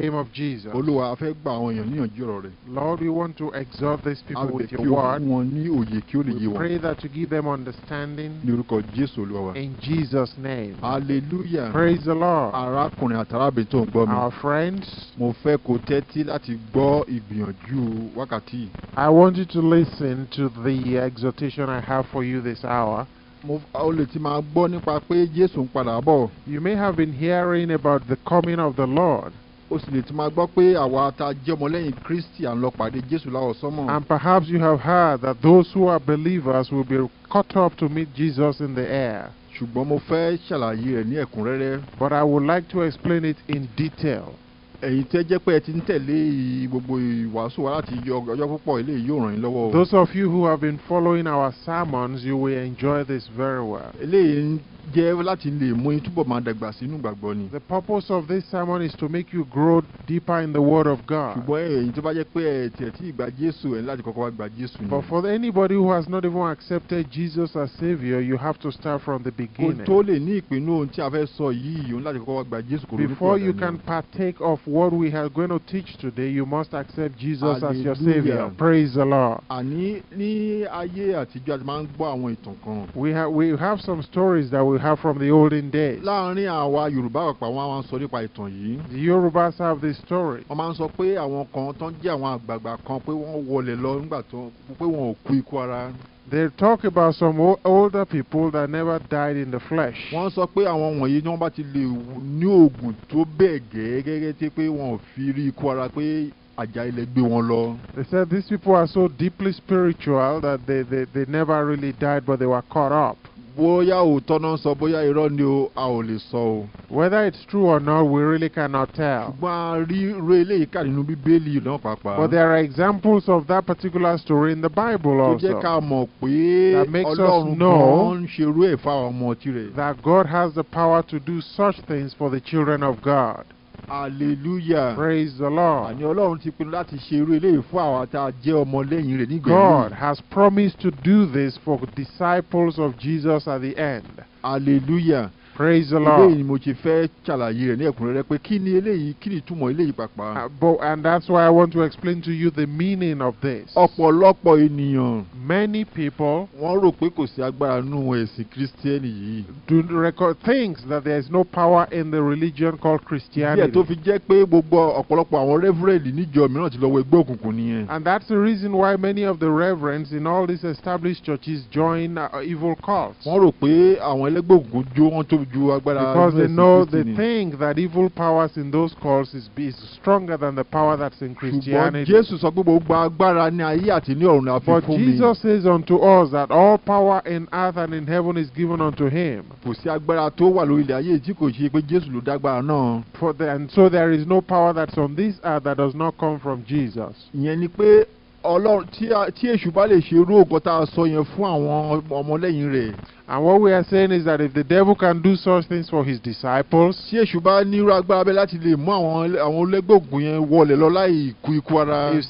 name of Jesus. Lord, we want to exhort these people with your word. We pray that you give them understanding. In Jesus' name. Hallelujah. Praise the Lord. Our friends. I want you to listen to the exhortation I have for you this hour. You may have been hearing about the coming of the Lord o sì lè máa gbọ́ pé àwa ta Kristi à ń lọ pàdé Jésù And perhaps you have heard that those who are believers will be caught up to meet Jesus in the air. ṣùgbọ́n mo fẹ́ ṣàlàyé rẹ̀ ní ẹ̀kúnrẹ́rẹ́. But I would like to explain it in detail. ẹ̀yin tẹ́ jẹ́ pé ẹ ti ń tẹ̀lé gbogbo ìwàásù wa láti ọjọ́ púpọ̀ yóò ràn yín lọ́wọ́. Those of you who have been following our sermons, you will enjoy this very well. eléyìí jẹ́ láti lè mú túbọ̀ máa dàgbà sínú ni. The purpose of this sermon is to make you grow deeper in the word of God. ṣùgbọ́n ẹ̀yin eh, tó bá jẹ́ pé tí ìgbà Jésù ẹ̀ láti kọ́kọ́ wá gba Jésù ni. But for anybody who has not even accepted Jesus as saviour you have to start from the beginning. kò tó lè ní ìpinnu ohun tí a fẹ́ sọ yìí láti kọ́kọ́ wá gba Jésù kò ní Before you can partake of what we are going to teach today you must accept Jesus as your saviour. Praise the Lord. àní ní ayé àtijọ́ máa ń gbọ́ àwọn ìtàn kan. We have we have some stories that we have from the olden days. láàárín àwa yorùbá ọ̀pọ̀ àwọn àwọn sọ nípa ìtàn yìí. the yorùbás have this story. wọ́n máa ń sọ pé àwọn kan tán jẹ́ àwọn àgbààgbà kan pé wọ́n wọlé lọ nígbà tó pé wọn ò kú ikú ara. They talk about some older people that never died in the flesh. Wọ́n sọ pé àwọn wọ̀nyí ni wọ́n bá ti lè ní oògùn tó bẹ́ẹ̀ gẹ́gẹ́ tí pé wọn ò fi rí ikú ara pé àjà ilẹ̀ gbé wọn lọ. They said these people are so deeply spiritual that they, they, they never really died but they were caught up. bóyá sọ bóyá irọ́ ni o a ò lè sọ o. whether it's true or not we really cannot tell. ṣùgbọ́n a rí nínú bíbélì náà pàápàá. but there are examples of that particular story in the Bible also. tó jẹ́ ká mọ̀ pé ọlọ́run kan ń ṣerú ẹ̀ fáwọn ọmọ tirẹ̀. that God has the power to do such things for the children of God hallelujah praise the lord God has promised to do this for disciples of Jesus at the end. hallelujah. Uh, and that's why I want to explain to you the meaning of this. Many people do record things that there is no power in the religion called Christianity. And that's the reason why many of the reverends in all these established churches join uh, evil cults. Because they know, they think that evil powers in those cults is, is stronger than the power that's in Christianity. But Jesus says unto us that all power in earth and in heaven is given unto him. For the, and so there is no power that's on this earth that does not come from Jesus. Ọlọ́run tí èṣù bá lè ṣe irú sọ yẹn fún àwọn ọmọlẹ́yìn rẹ̀. And what we are saying is that if the devil can do such things for his disciples. If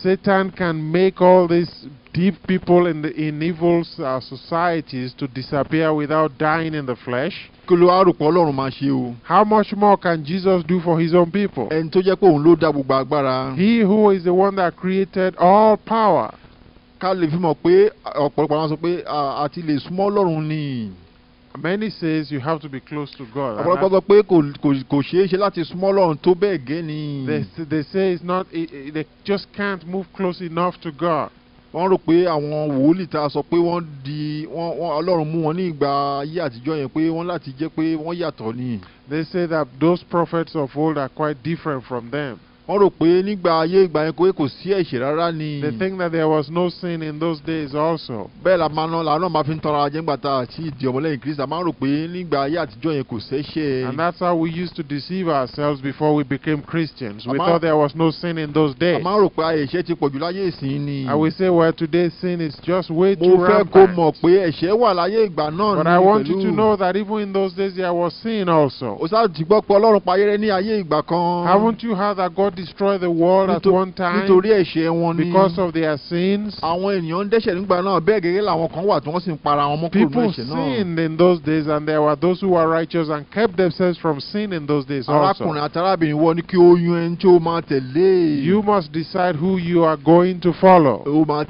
Satan can make all these deep people in, the, in evil uh, societies to disappear without dying in the flesh. How much more can Jesus do for his own people? He who is the one that created all power ká lè fi mọ̀ pé ọ̀pọ̀lọpọ̀ àwọn sọ pé àti lè súnmọ́ Ọlọ́run ni. Many says you have to be close to God. ọ̀pọ̀lọpọ̀ sọ pé kò ṣeé ṣe láti súnmọ́ Ọlọ́run tó bẹ́ẹ̀ gẹ́ ni. They say it's not it, they just can't move close enough to God. wọ́n rò pé àwọn wòlíì tá a sọ pé wọ́n di wọ́n Ọlọ́run mú wọn ní ìgbà ayé àtijọ́ yẹn pé wọ́n láti jẹ́ pé wọ́n yàtọ̀ ni. They say that those prophets of old are quite different from them. wọ́n rò pé nígbà ayé ìgbà yẹn pé kò sí ẹ̀ṣẹ̀ rárá ni. they think that there was no sin in those days also. bẹ́ẹ̀ la máa ná la náà máa fi ń tọ́ra ajẹ́ ńgbà tá a ti di ọmọlẹ́yìn Kristi a máa rò pé nígbà ayé àtijọ́ yẹn kò sẹ́ṣẹ̀. and that's how we used to deceive ourselves before we became Christians. we thought there was no sin in those days. a máa rò pé ẹ̀ṣẹ̀ ti pọ̀jù láyé ìsìn ni. I will say well today sin is just way too rampant. mo fẹ́ kó mọ̀ pé ẹ̀ṣẹ̀ wà láyé ìgbà náà ni pẹ̀lú. but I want you to know that even in those days there was sin also. haven't you heard that God destroy the world at one time. because of their sins. people sinned in those days and there were those who were righteous and kept themselves from sin in those days also. you must decide who you are going to follow. are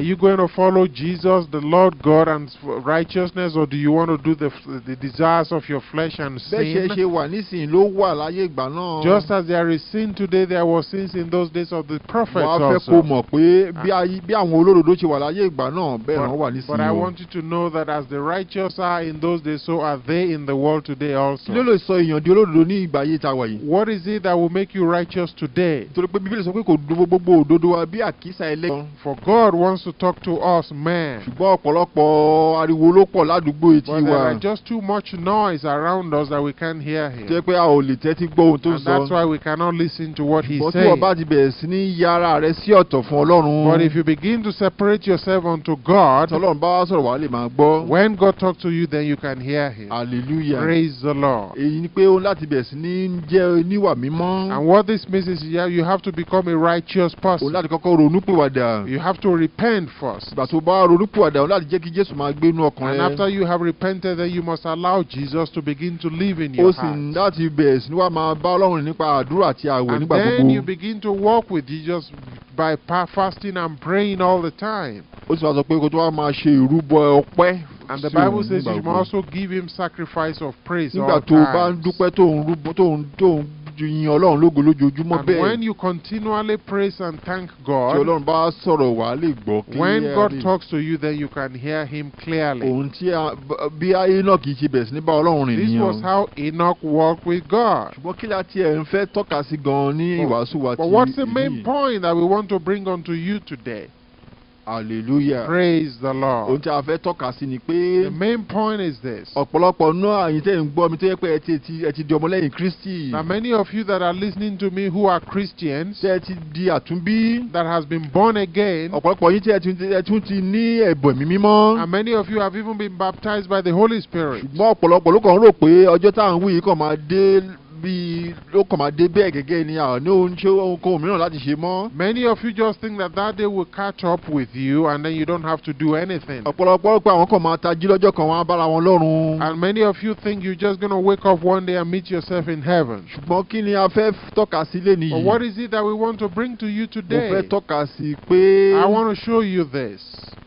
you going to follow Jesus the Lord God and righteousness or do you want to do the, the desires of your flesh and sin? ṣe wà nísìnyí ló wà láyé ìgbà náà. just as there is sin today there was sin in those days of the prophets also. fẹ́ kó mọ̀ pé bí àwọn olódodo ṣe wà láyé ìgbà náà bẹ́ẹ̀ náà wà nísìnyí but I want you to know that as the righteous are in those days so are they in the world today also. kí ló lè sọ èèyàn di olódodo ní ìgbà yìí yìí. what is it that will make you righteous today. nítorí pé bíbélì sọ pé kò dúró gbogbo òdodo wa bí àkísà for God wants to talk to us men. ṣùgbọ́n ọ̀pọ̀lọpọ̀ ariwo ló pọ̀ ládùúgbò etí wa. but there are just too much noise around us that we can't hear. hear him. jẹ́ pé a ò lè tẹ́tí gbọ́ ohun tó sọ. and that's why we cannot listen to what he says. bọ́tú ọba ti bẹ̀rẹ̀ sí ní yára rẹ sí ọ̀tọ̀ fún ọlọ́run. but if you begin to separate yourself unto God. tọ́lọ́run bá wá sọ̀rọ̀ wàá lè máa gbọ́. when God talk to you then you can hear him. hallelujah praise the Lord. èyí ni pé òun láti bẹ̀rẹ̀ sí ní jẹ́ oníwà mímọ́. and what this means is yeah, you have to become a righteous person. òun láti kọ́kọ́ ronúpìwàdà. you have to repent first. ìgbà tó bá ronúpìwàdà òun láti jẹ́ kí Jésù máa gbénú ọkàn rẹ. and after you have repented then you must allow Jesus to begin to live in your heart heart. láti bẹ̀rẹ̀ sí ni wàá máa bá Ọlọ́run nípa àdúrà àti àwẹ̀ nígbà gbogbo. and then you begin to walk with Jesus by fasting and praying all the time. ó sì wá sọ pé kó tó wá máa ṣe ìrúbọ ọpẹ́. and the Bible says you must also give him sacrifice of praise all the time. nígbà tó o bá ń dúpẹ́ tó ń rúbọ tó ń tó ń and when you continually praise and thank God. when God talks to you then you can hear him clearly. this was how Enoch walked with God. but what's the main point that we want to bring unto you today? hallelujah praise the lord. ohun tí a fẹ́ tọ́ka sí ni pé. the main point is this. ọ̀pọ̀lọpọ̀ náà àyìn tẹ́ ń gbọ́ mi tó yẹ pé ẹ ti ti ẹ ti di ọmọlẹ́yìn Kristi. na many of you that are listening to me who are Christians. tẹ́ ti di àtúnbí. that has been born again. ọ̀pọ̀lọpọ̀ yín tí ẹ tún ti ní ẹ̀bùn ẹ̀mí mímọ́. and many of you have even been baptized by the Holy Spirit. ṣùgbọ́n ọ̀pọ̀lọpọ̀ ló kàn ń rò pé ọjọ́ tá à ń wí yìí kàn máa dé bíi ó bẹ́ẹ̀ gẹ́gẹ́ ni àwọn ní ohun ṣé ohunkóhun mìíràn láti ṣe mọ́. many of you just think that that day will catch up with you and then you don't have to do anything. ọ̀pọ̀lọpọ̀ pé àwọn kan máa tají lọ́jọ́ kan wọ́n á bára wọn lọ́run. and many of you think you're just gonna wake up one day and meet yourself in heaven. ṣùgbọ́n kí ni a fẹ́ tọ́ka sí lé nìyí. but what is it that we want to bring to you today. mo fẹ́ tọ́ka sí pé. I want to show you this.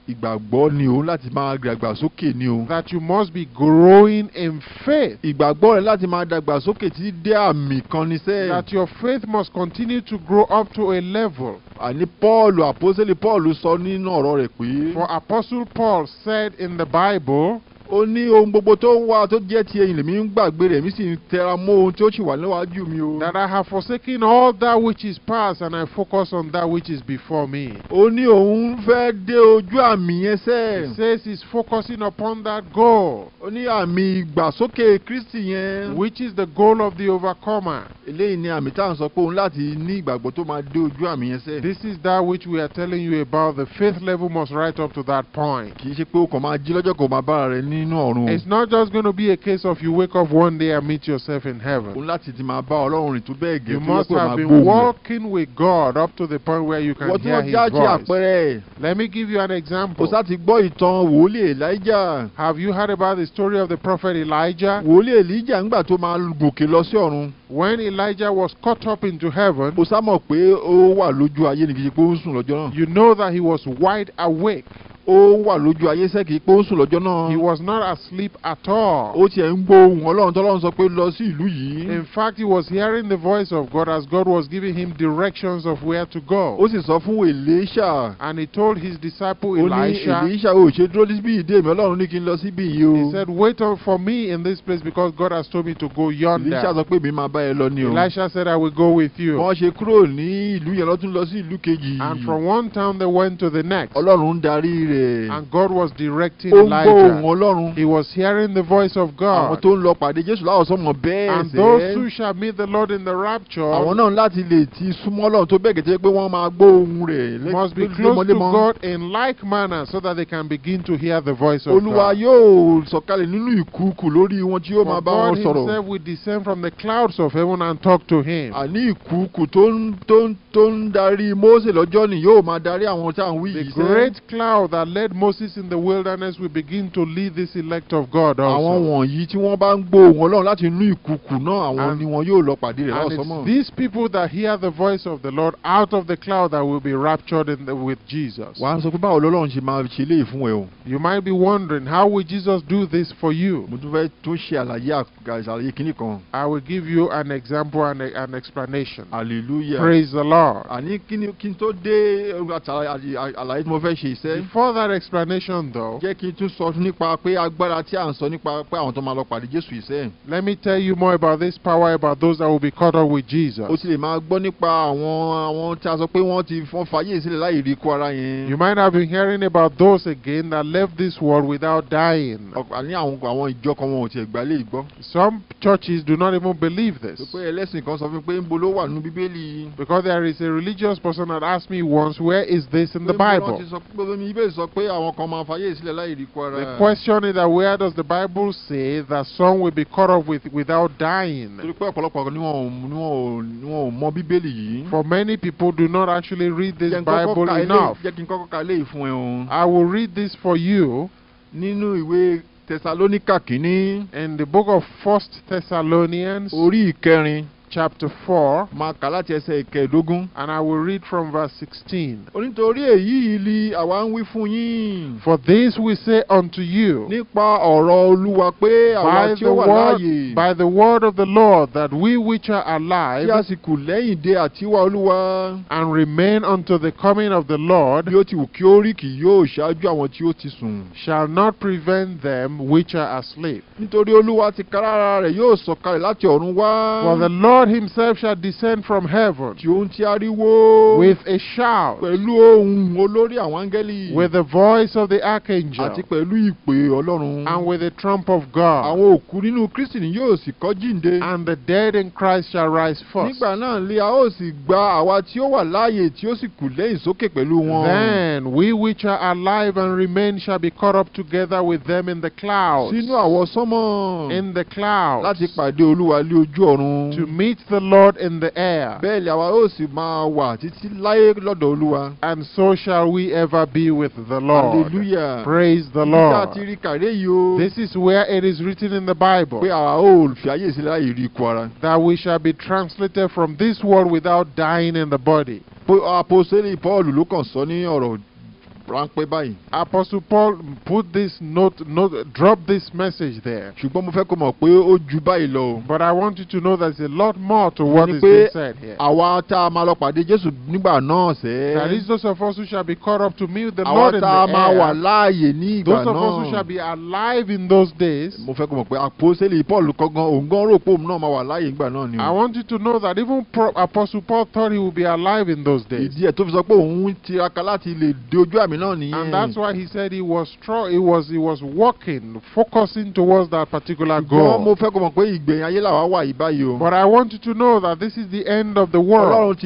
Ìgbàgbọ́ ni òun láti máa dàgbàsókè ni o. That you must be growing in faith. Ìgbàgbọ́ rẹ láti máa dàgbàsókè tí dé àmì kan ní sẹ́yìn. that your faith must continue to grow up to a level. àní Paul àpọ́sẹ̀lẹ̀ Paul sọ nínú ọ̀rọ̀ rẹ̀ pé. for Apostle Paul said in the Bible ó ní ohun gbogbo tó wà tó jẹ́ ti ẹ̀yìn lèmi ń gbàgbé rẹ̀ mi sì ń tẹra mọ́ ohun tí ó sì wà níwájú mi o. that I have forsaken all that which is past and I focus on that which is before me. ó ní òun fẹ́ dé ojú àmì yẹn he says he is focusing upon that goal. ó ní àmì ìgbàsókè Kristi yẹn. which is the goal of the overcomer. eléyìí ni àmì tá sọ pé òun láti ní ìgbàgbọ́ tó máa dé ojú àmì yẹn this is that which we are telling you about the faith level must rise up to that point. kì í ṣe pé o kàn máa jí lọ́jọ́ kan máa bára rẹ ní nínú ọ̀run. it's not just going to be a case of you wake up one day and meet yourself in heaven. o láti ti máa bá Ọlọ́run rìn tó bẹ́ẹ̀ gẹ́ tó yẹ kó máa bó you must have been walking with God up to the point where you can hear his voice. wọ́n ti wọ́n jáde àpẹẹrẹ. let me give you an example. o sá ti gbọ́ ìtàn wòlíì Elijah. have you heard about the story of the prophet Elijah? wòlíì Elijah ńgbà tó máa gòkè lọ sí ọ̀run. when Elijah was caught up into heaven. o sá mọ̀ pé ó wà lójú ayé nìkejì pé ó ń sùn lọ́jọ́ náà. you know that he was wide awake ó wà lójú ayé sẹ́kì pé ó sùn lọ́jọ́ náà. he was not asleep at all. ó tiẹ̀ ń gbóhùn ọlọ́run tọ́lọ́run sọ pé lọ sí ìlú yìí. in fact he was hearing the voice of God as God was giving him directions of where to go. ó sì sọ fún Elisha. and he told his disciple Elisha. ó ní Elisha ò ṣe dúró síbí ìdè mi ọlọ́run ní kí n lọ síbí yìí o. he said wait for me in this place because God has told me to go yonder. Elisha sọ pé mi máa bá ẹ lọ ni o. Elisha said I will go with you. wọ́n ṣe kúrò ní ìlú yẹn lọ́tún lọ sí ìlú kejì. and from one town they went to the next. ọlọ́run darí rẹ̀. and God was directing Elijah. he was hearing the voice of God. and those who shall meet the Lord in the rapture. must be close to God in like manner so that they can begin to hear the voice of God. for God himself will descend from the clouds of heaven and talk to him. the great cloud that led Moses in the wilderness will begin to lead this elect of God also. And it's these people that hear the voice of the Lord out of the cloud that will be raptured in the, with Jesus. You might be wondering how will Jesus do this for you? I will give you an example and a, an explanation. Hallelujah. Praise the Lord. Before that explanation though. jẹ́ kí n tún sọ nípa pé agbára tí à ń sọ nípa pé àwọn tó máa lọ pàdé Jésù yìí sẹ́yìn. let me tell you more about this power about those that will be caught up with Jesus. o lè máa gbọ́ nípa àwọn àwọn tí a sọ pé wọ́n ti fọ́n fàyè sílẹ̀ láì rí ikú ara yẹn. you might have been hearing about those again that left this world without dying. àwọn àwọn ìjọ kan wọn ò tiẹ̀ gbà lè gbọ́. some churches do not even believe this. pé ẹlẹ́sìn kan sọ fún mi pé ń bo ló Bíbélì. because there is a religious person that asked me once where is this in the Bible. sọ pé sọ the question is that where does the Bible say that some will be cut off with, without dying? For many people do not actually read this Bible enough. I will read this for you. In the book of First Thessalonians chapter four máa kà ẹsẹ̀ ìkẹẹ̀dógún and I will read from verse sixteen. onítorí èyí àwa ń wí fún yín. for this we say unto you. nípa ọ̀rọ̀ Olúwa pé àwa tí ó wà láàyè. by the word of the Lord that we which are alive. kí a sì kù lẹ́yìn dè àtiwá Olúwa. and remain unto the coming of the Lord. bí ó ti wù kí ó rí kì yóò ṣáájú àwọn tí ó ti sùn. shall not prevent them which are asleep. nítorí Olúwa ti kárára rẹ̀ yóò sọ̀kalẹ̀ láti ọ̀run wá. for the Lord God himself shall descend from heaven with a shout with the voice of the archangel and with the trump of God and the dead in Christ shall rise first then we which are alive and remain shall be caught up together with them in the clouds. in the clouds. to meet meet the Lord in the air. àwa yóò sì máa wà títí láyé lọ́dọ̀ Olúwa. And so shall we ever be with the Lord. Hallelujah. Praise the Lord. rí yìí o. This is where it is written in the Bible. Pé àwa ò fi ayé sílẹ̀ láyé rí ikú ara. That we shall be translated from this world without dying in the body. Paul ló kàn sọ ní ọ̀rọ̀ ráńpẹ́ báyìí. Apostle Paul put this note note drop this message there. ṣùgbọ́n mo fẹ́ kó mọ̀ pé ó ju báyìí lọ. But I want you to know there is a lot more to what is being said here. àwa tá a máa lọ pàdé Jésù nígbà náà sẹ́. That is those of us who shall be caught up to meet the Lord in the air. àwa tá a máa wà láàyè ní ìgbà náà. Those of us who shall be alive in those days. mo fẹ́ kó mọ̀ pé àpòsílẹ̀ Paul kọ́ngàn òǹgàn rò pé òun náà máa wà láàyè nígbà náà ni. I want you to know that even Apostle Paul thought he would be alive in those days. ìdí and that's why he said he was strong he was he was working focusing towards that particular goal. but I want you to know that this is the end of the world.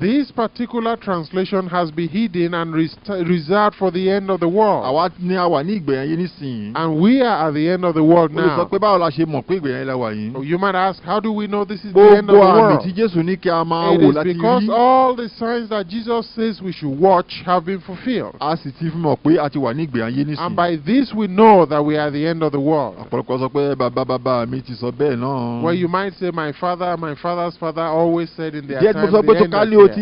This particular translation has been hidden and reserved for the end of the world. And we are at the end of the world now. Oh, you might ask how do we know this is the end of the world? It is because all the signs that Jesus says we should watch have been fulfilled. And by this we know that we are at the end of the world. Well you might say my father my father's father always said in their time the end of but I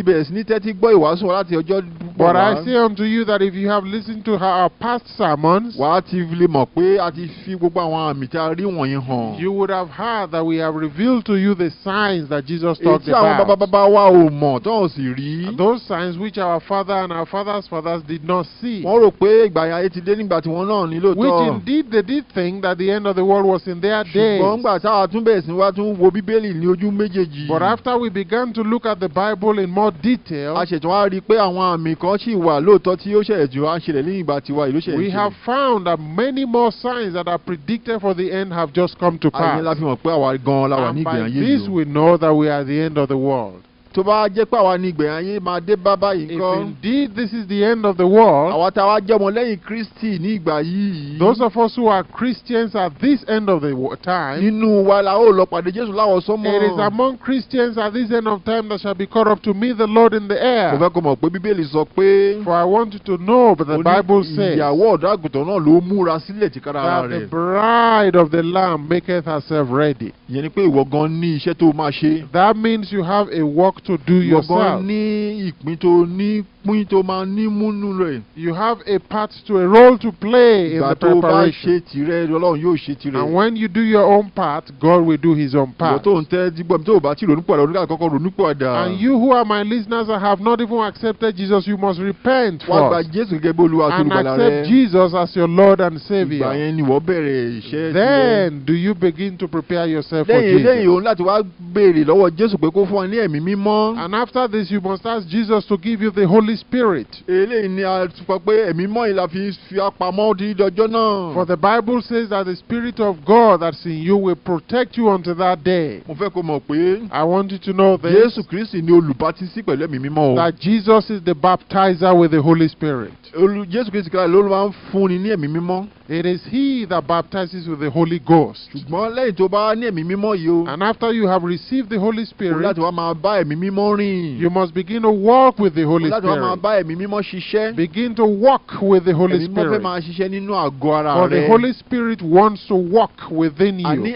say unto you that if you have listened to our past sermons. You would have heard that we have revealed to you the signs that Jesus talked about. èyí Those signs which our father and our father's fathers did not see. Which indeed they did think that the end of the world was in their days. But after we began to look at the Bible in more detail. a wá rí i pé àwọn àmì kan ṣì wà lóòótọ́ tí ó jù ṣẹlẹ̀ ìgbà tiwa ìlú jù. we have found that many more signs that are predicted for the end have just come to pass. àyìnlá fi hàn pé àwa gan-an la wà ní ìgbìyànjú. and by this we know that we are at the end of the world tó bá jẹ́ ni ayé dé if indeed this is the end of the world. àwa tá wá jẹ́ ní ìgbà those of us who are Christians at this end of the time. nínú wa la ó lọ pàdé Jésù láwọ̀ sọ́mọ. it is among Christians at this end of time that shall be called up to meet the Lord in the air. fẹ́ kó mọ̀ pé Bíbélì sọ pé. for I want you to know but the Bible says. ló múra sílẹ̀ rẹ̀. the bride of the Lamb maketh herself ready. ni pé ìwọ gan ní iṣẹ́ tó ṣe. that means you have a work to do yourself. Gbọ̀ngàn ní ìpín tó ní you have a part to a role to play in the preparation. and when you do your own part God will do his own part. and you who are my listeners and have not even accepted Jesus you must repent first. and accept Jesus as your Lord and Saviour. then do you begin to prepare yourself for Jesus. and after this you must ask Jesus to give you the Holy Holy Spirit. Eléyìí ni a sọ pé ẹ̀mí mọ́ ìlà fi fi apamọ́ di ọjọ́ náà. For the Bible says that the Spirit of God that's in you will protect you until that day. Mo fẹ́ kó mọ̀ pé. I want you to know this. Jésù Kristi ni olùbátísí pẹ̀lú ẹ̀mí mímọ́ o. That Jesus is the baptizer with the Holy Spirit. Jésù Kristi kan ló máa ń fúnni ní ẹ̀mí mímọ́. It is he that baptizes with the Holy Ghost. Ṣùgbọ́n lẹ́yìn tó bá ní ẹ̀mí mímọ́ yìí o. And after you have received the Holy Spirit. Kò wá máa bá ẹ̀mí mímọ́ rìn. You must begin to walk with the Holy Spirit begin to walk with the Holy Spirit. for the Holy Spirit wants to walk within you.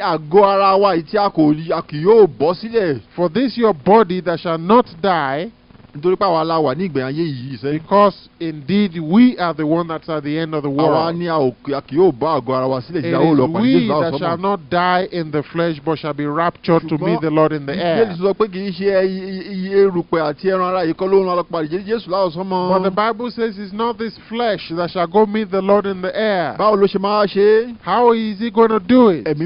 for this your body that shall not die because indeed we are the one that's at the end of the world. we that shall not die in the flesh but shall be raptured to meet the Lord in the air. but the Bible says it's not this flesh that shall go meet the Lord in the air. how is he gonna do it? it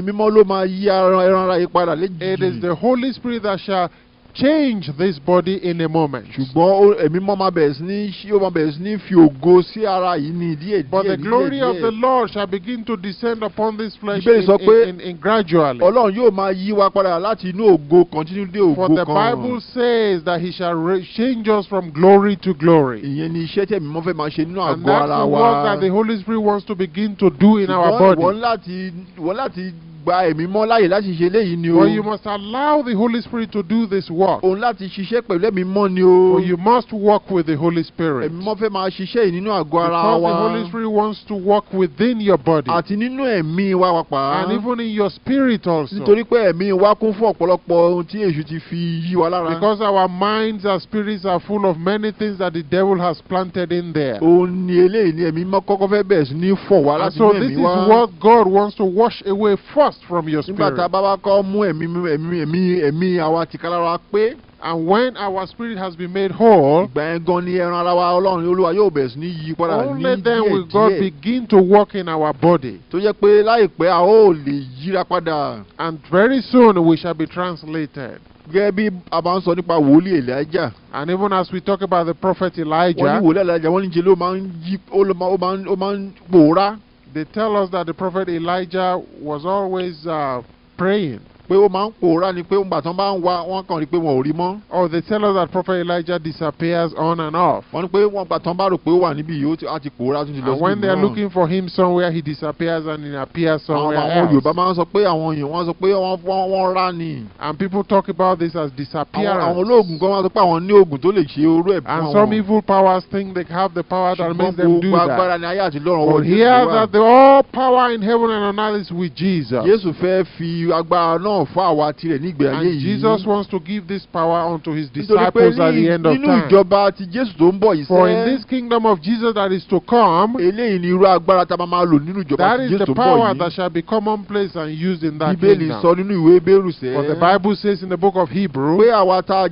is the Holy Spirit that shall change this body in a moment. but the glory of the Lord shall begin to descend upon this flesh in, in, in, in gradually. for the Bible says that he shall change us from glory to glory. and that's the work that the Holy Spirit wants to begin to do in our body gba ẹ̀mí mọ́ láyè láti ṣe léyìí ni o. but you must allow the Holy Spirit to do this work. òun láti ṣiṣẹ́ pẹ̀lú ẹ̀mí mọ́ ni o. but you must work with the Holy Spirit. ẹ̀mí mọ́ fẹ́ máa ṣiṣẹ́ yìí nínú àgọ́ ara wa. because the Holy Spirit wants to work within your body. àti nínú ẹ̀mí wa and even in your spirit also. nítorí pé ẹ̀mí wa kún fún ọ̀pọ̀lọpọ̀ ohun tí èṣù ti fi yí wa lára. because our minds and spirits are full of many things that the devil has planted in there. òun ni eléyìí ni ẹ̀mí mọ́ kọ́kọ́ fẹ́ bẹ̀rẹ̀ sí ní fọ̀ wá láti inú ẹ̀mí wa. and so this is what God wants to wash away first from your spirit. And when our spirit has been made whole, only then will God begin to work in our body. And very soon we shall be translated. And even as we talk about the prophet Elijah, they tell us that the prophet Elijah was always uh, praying pé ó máa ń pòórá ni pé ńgbà bá ń wá wọn kàn rí pé wọn ò rí mọ́. or oh, they tell us that prophet Elijah disappears on and off. wọ́n ní pé wọ́n gbà bá rò pé ó wà níbí yìí ó ti pòórá tún ti lọ sí ìlú náà. and when they are looking for him somewhere he disappears and he appears somewhere else. àwọn Yorùbá máa ń sọ pé àwọn èèyàn wọ́n sọ pé wọ́n wọ́n rá ni. and people talk about this as disappearance. àwọn olóògùn kan máa sọ pé àwọn ní oògùn tó lè ṣe orú ẹ̀ and some evil powers think they have the power that makes them do that. that the all power in heaven and on earth is with Jesus fún àwa tirẹ̀ nígbè ayé yìí. and Jesus wants to give this power unto his disciples at the end of time. nínú ìjọba ti Jésù tó ń bọ̀ yìí sẹ́. for in this kingdom of Jesus that is to come. eléyìí ni irú agbára tá a máa lò nínú ìjọba ti Jésù tó ń bọ̀ yìí. that is the power that shall be commonplace and used in that kingdom. Bíbélì sọ nínú ìwé sẹ́. the Bible says in the book of Hebrew. pé àwa tá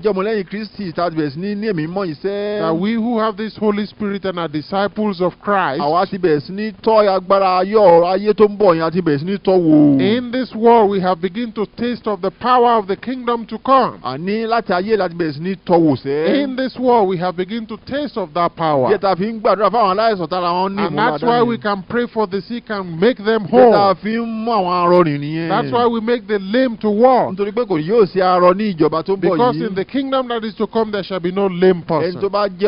Kristi tá bẹ̀rẹ̀ sí ní ní ẹ̀mí mọ́ yìí sẹ́. that we who have this Holy Spirit and are disciples of Christ. àwa ti bẹ̀rẹ̀ sí ní tọ́ agbára ayé tó ń bọ̀ bẹ̀rẹ̀ sí ní tọ́ wò. in this world we have begin to taste of the power of the kingdom to come. in this world we have begun to taste of that power. and that's why we can pray for the sick and make them whole. that's why we make the lame to walk. because in the kingdom that is to come there shall be no lame person. whoever it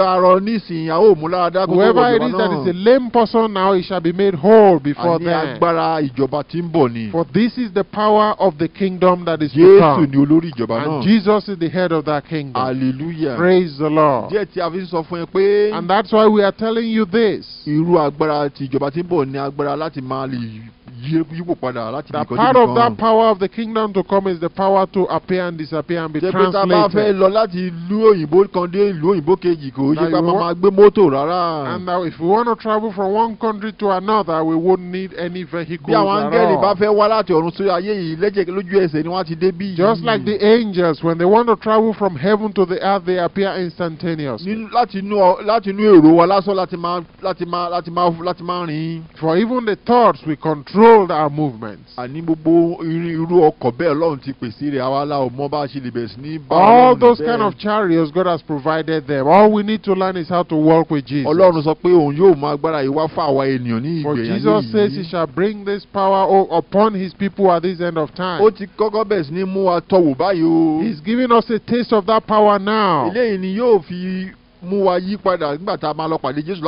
is that is a lame person now he shall be made whole before them. for this is the power of the king kingdom that is to come. And Jesus is the head of that kingdom. Hallelujah. Praise the Lord. And that's why we are telling you this. The part of that power of the kingdom to come is the power to appear and disappear and be translated. And now if we want to travel from one country to another, we would not need any vehicles ẹsẹ̀ ni wọ́n ti dé bí. just like the angels when they want to travel from heaven to the earth they appear instantaneous. láti inú èrò wa lásán láti máa láti máa rìn. for even the thoughts we control our movements. àní gbogbo irú ọkọ̀ bẹ́ẹ̀ lọ́run ti pèsè rẹ̀ àwa la mọ bá a ṣe lè bẹ̀rẹ̀ sí ní. all those kind of chariots God has provided them all we need to learn is how to work with Jesus. ọlọ́run sọ pé òun yóò mú agbára yìí wá fún àwa ènìyàn ní yìí. for Jesus says he shall bring this power upon his people at this end of time. ó ti He's sí ní mú wa báyìí o. he is giving us a taste of that power now. eléyìí ni yóò fi mú wa yí padà nígbà tá a máa lọ pàdé Jésù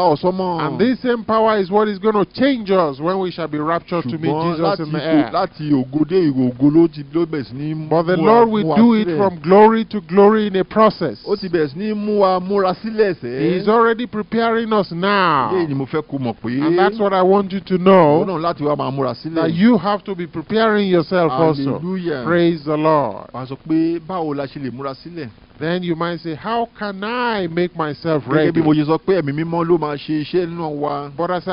and this same power is what is going to change us when we shall be raptured to meet Jesus in the air. ṣùgbọ́n láti ògo dé ló ti ló bẹ̀rẹ̀ sí ní mú wa but the Lord will do it from glory to glory in a process. ó ti bẹ̀rẹ̀ sí ní mú wa múra sílẹ̀ sẹ́. he is already preparing us now. ilé ìní mo fẹ́ kó mọ̀ pé. and that's what I want you to know. náà láti wá máa múra sílẹ̀. that you have to be preparing yourself also. hallelujah praise the Lord. wàá sọ pé báwo la ṣe lè múra sílẹ̀ then you might say, How can I make myself ready? But as I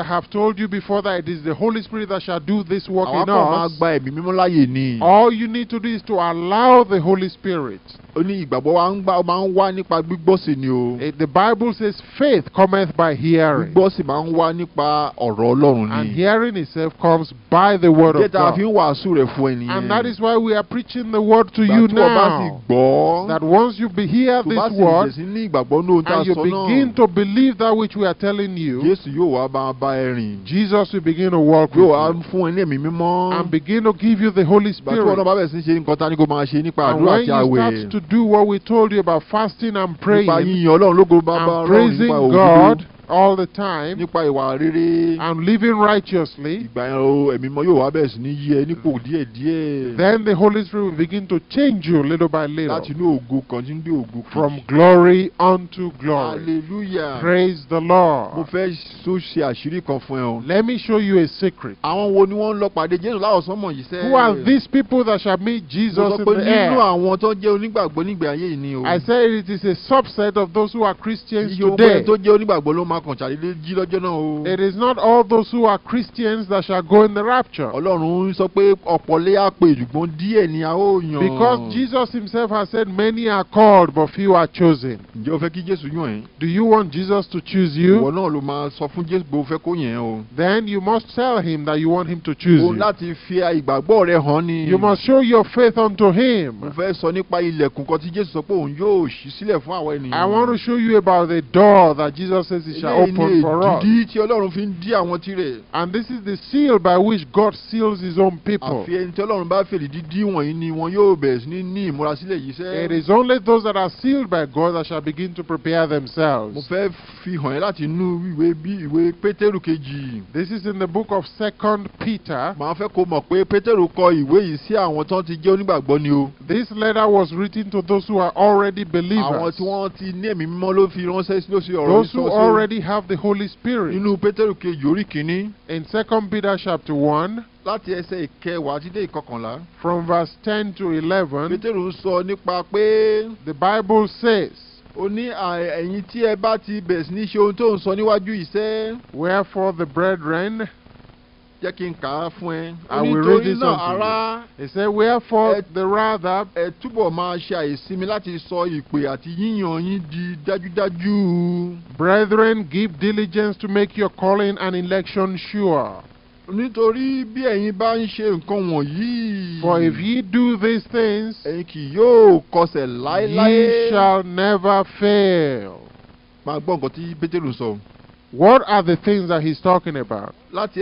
have told you before, that it is the Holy Spirit that shall do this work in us. All you need to do is to allow the Holy Spirit. It, eh, the Bible says, Faith cometh by hearing. And hearing itself comes by the word of God. And that is why we are preaching the word to you now. That once you be this word and you begin to believe that which we are telling you, Yes, Jesus will begin to walk with you and begin to give you the Holy Spirit. And when you start to do what we told you about fasting and praying and praising God, all the time. nípa ìwà rere. and living righteously. ìgbà yẹn o ẹ̀mí mọ́ yóò wá sí ní yí ẹ nípò díẹ̀ díẹ̀. then the holy spirit will begin to change you little by little. láti inú ògo kan sí ògo kejì. from glory unto glory. hallelujah. praise the lord. mo fẹ́ so ṣe àṣírí kan fún ẹ o. let me show you a secret. àwọn wo ni wọ́n ń lọ pàdé Jésù láwọ̀sán mọ̀ yìí who are these people that shall meet Jesus in the air? mo sọ pé nínú àwọn tó jẹ́ onígbàgbọ́ nígbà ayé yìí ni o. I said it is a subset of those who are Christians today. iye owó tó jẹ́ onígbàgbọ́ ló máa kan jí lọ́jọ́ náà o. it is not all those who are Christians that shall go in the rapture. Ọlọ́run sọ pé ọ̀pọ̀ lé àpè ṣùgbọ́n díẹ̀ ni a ó yàn. because Jesus himself has said many are called but few are chosen. ǹjẹ́ o fẹ́ kí Jésù yàn ẹ́. do you want Jesus to choose you? ìwọ náà ló máa sọ fún Jésù pé o fẹ́ kó yàn ẹ́ o. then you must tell him that you want him to choose you. o láti fi ìgbàgbọ́ rẹ hàn ni. you must show your faith unto him. mo fẹ́ sọ nípa ilẹ̀kùn kan tí Jésù sọ pé òun yóò ṣí sílẹ̀ fún àwọn ènìyàn. I want to show you about the door that Jesus says he open for us. and this is the seal by which God seals his own people. it is only those that are sealed by God that shall begin to prepare themselves. this is in the book of second Peter. this letter was written to those who are already believers. those who already already have the Holy Spirit. Nínú Pétérù kejì orí kìíní. In second Peter chapter one. Láti ẹsẹ̀ ìkẹwàá àti dé ìkọkànlá. From verse ten to eleven. Pétérù sọ nípa pé. The Bible says ó ní ẹ̀yin tí ẹ bá ti bẹ̀rẹ̀ sí ní ṣe ohun tó ń sọ níwájú iṣẹ́. wherefore the brethren jẹ́ kí n kà á fún ẹ. I will read it unto you. he said wherefore the rather. ẹ túbọ̀ máa ṣe àìsinmi láti sọ ìpè àti yíyan yín di dájúdájú. brethren give diligence to make your calling and election sure. Nítorí bí ẹ̀yin bá ń ṣe nǹkan wọ̀nyí. For if ye do these things. Ẹ̀yin kì yóò kọsẹ̀ láéláé. Ye shall never fail. Máa gbọ́ nǹkan tí Pétérù sọ. What are the things that he's talking about? He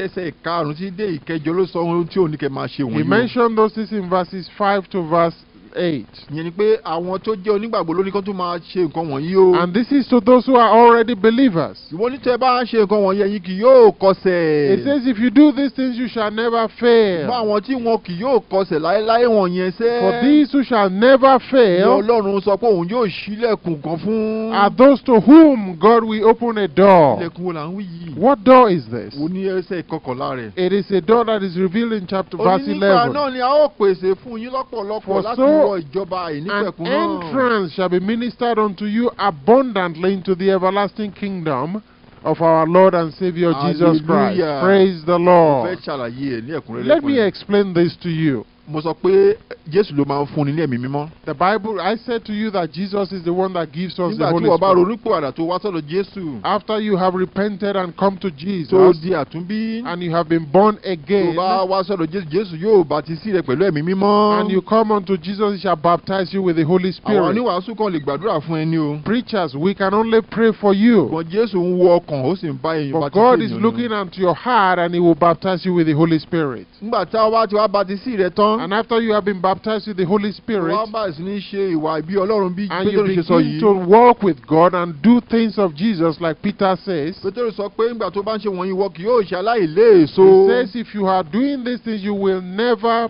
mentioned those things in verses five to verse eight. ìyẹn ni pé àwọn tó jẹ́ onígbàgbọ́ ló ní tún máa ṣe nǹkan wọ̀nyí o. and this is to those who are already believers. ìwọ ní tẹ́ bá ń ṣe nǹkan wọ̀nyí ẹ̀yin kì yóò kọsẹ̀. it says if you do these things you shall never fail. fún àwọn tí wọn kì yóò kọsẹ̀ láéláé wọ̀nyẹn sẹ́. for these who shall never fail. ni Ọlọ́run sọ pé òun yóò ṣílẹ̀kùn kan fún. are those to whom God will open a door. ilẹ̀kùn wo là ń wí yìí. what door is this? o ní ẹsẹ̀ ìkọkànlá rẹ̀. it is a door that is revealed in chapter verse eleven. onínígbà náà ni a ó pèsè fún yín lọ́pọ̀lọpọ̀ láti an entrance shall be ministered unto you abundantly into the everlasting kingdom of our Lord and Savior Jesus Christ. Praise the Lord. Let me explain this to you mo sọ pé Jésù ló máa ń ní ẹ̀mí mímọ́. the bible I said to you that Jesus is the one that gives us the Holy Spirit. nígbà tí o bá tó wá Jésù. after you have repented and come to Jesus. tó di àtúnbí. and you have been born again. tó bá wá Jésù Jésù yóò bàtísí rẹ pẹ̀lú ẹ̀mí mímọ́. and you come unto Jesus he shall baptize you with the Holy Spirit. àwọn oníwàásù kan lè gbàdúrà fún ẹni o. preachers we can only pray for you. But Jésù ń wo ọkàn ó sì ń bá èèyàn bàtísí but God is looking unto your heart and he will baptize you with the Holy Spirit and after you have been baptized with the Holy Spirit, and you begin to walk with God and do things of Jesus, like Peter says, says, if you are doing these things, you will never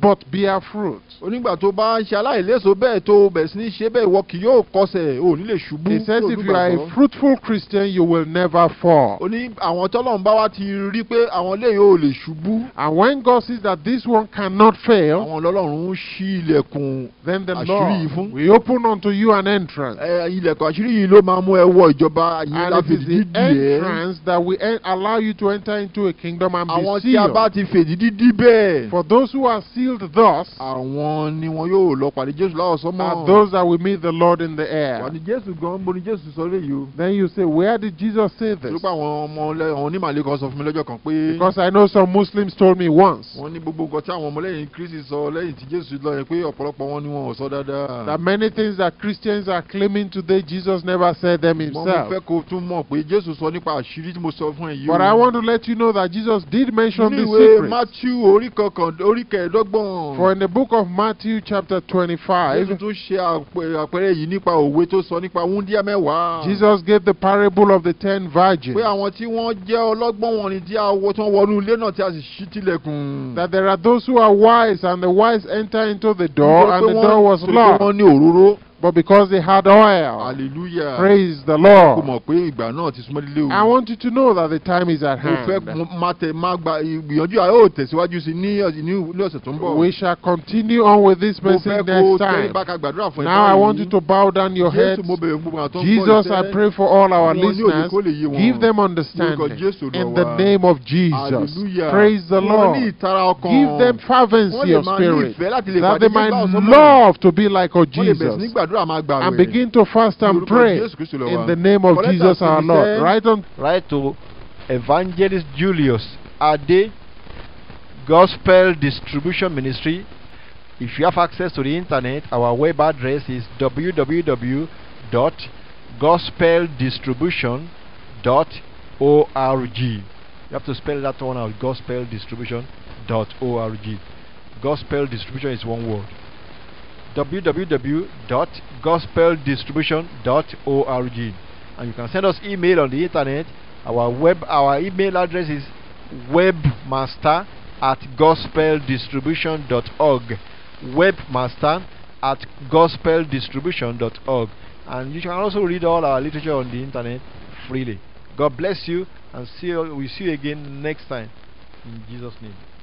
but bear fruit. onígbà tó bá ń ṣe aláìléso bẹ́ẹ̀ tó bẹ̀rẹ̀ sí ní ṣe bẹ́ẹ̀ ìwọ kì yóò kọsẹ̀ ò ní lè ṣubú. he says if you are a fruitful Christian you will never fall. ó ní àwọn tọ́lọ́run bá wá ti rí pé àwọn lè yóò lè ṣubú. and when God sees that this one cannot fail. àwọn ọlọ́run ń ṣí ilẹ̀kùn àṣírí yìí fún. we open unto you an entrance. ẹ ilẹ̀kùn àṣírí yìí ló máa mú ẹ wọ ìjọba ayé láfìdí dídì ẹ. and it is the entrance that will allow you to enter into a kingdom and be sealed. àwọn tí for those who are sealed sealed thus àwọn ni wọn yóò lọ pàdé Jésù láwọ̀ sánmọ̀. are those that will meet the Lord in the air. wà ní Jésù gan bo ni Jésù sọ lè yìí o. then you say where did Jesus say this. àwọn ọmọ àwọn onímàlẹ́ kan sọ fún mi lọ́jọ́ kan pé. because I know some Muslims told me once. wọ́n ní gbogbo nǹkan tí àwọn ọmọlẹ́yìn Kristi sọ lẹ́yìn tí Jésù lọ yẹn pé ọ̀pọ̀lọpọ̀ wọn ni wọn ò lo pe opolopo won dáadáa. that many things that Christians are claiming today Jesus never said them himself. mo fẹ́ kó tún mọ̀ pé Jésù sọ nípa àṣírí tí mo sọ fún ẹ but I want to let you know that Jesus did mention this secret. Matthew orí kọkàn orí ọgbọ̀n. for in the book of Matthew chapter twenty-five. Jésù tún ṣe àpẹẹrẹ yìí nípa òwe tó sọ nípa wúndíá mẹ́wàá. Jesus gave the parable of the ten virgins. pé àwọn tí wọ́n jẹ́ ọlọ́gbọ́n tí tán wọnú ilé náà tí a sì ṣí tilẹ̀kùn. that there are those who are wise and the wise enter into the door and the door was locked but because they had oil. hallelujah praise the lord. I want you to know that the time is at hand. we shall continue on with this message next time. now I want you to bow down your head. Jesus I pray for all our listeners give them understanding in the name of Jesus praise the Lord give them fervency of spirit that they might love to be like our Jesus and begin to fast and pray in the name of Jesus our Lord. Write on. Write to Evangelist Julius Ade, Gospel Distribution Ministry. If you have access to the internet, our web address is www.gospeldistribution.org. You have to spell that one out gospeldistribution.org. Gospel distribution is one word www.gospeldistribution.org. And you can send us email on the internet. Our web our email address is webmaster at gospeldistribution.org. Webmaster at gospeldistribution.org. And you can also read all our literature on the internet freely. God bless you and see you, we see you again next time. In Jesus' name.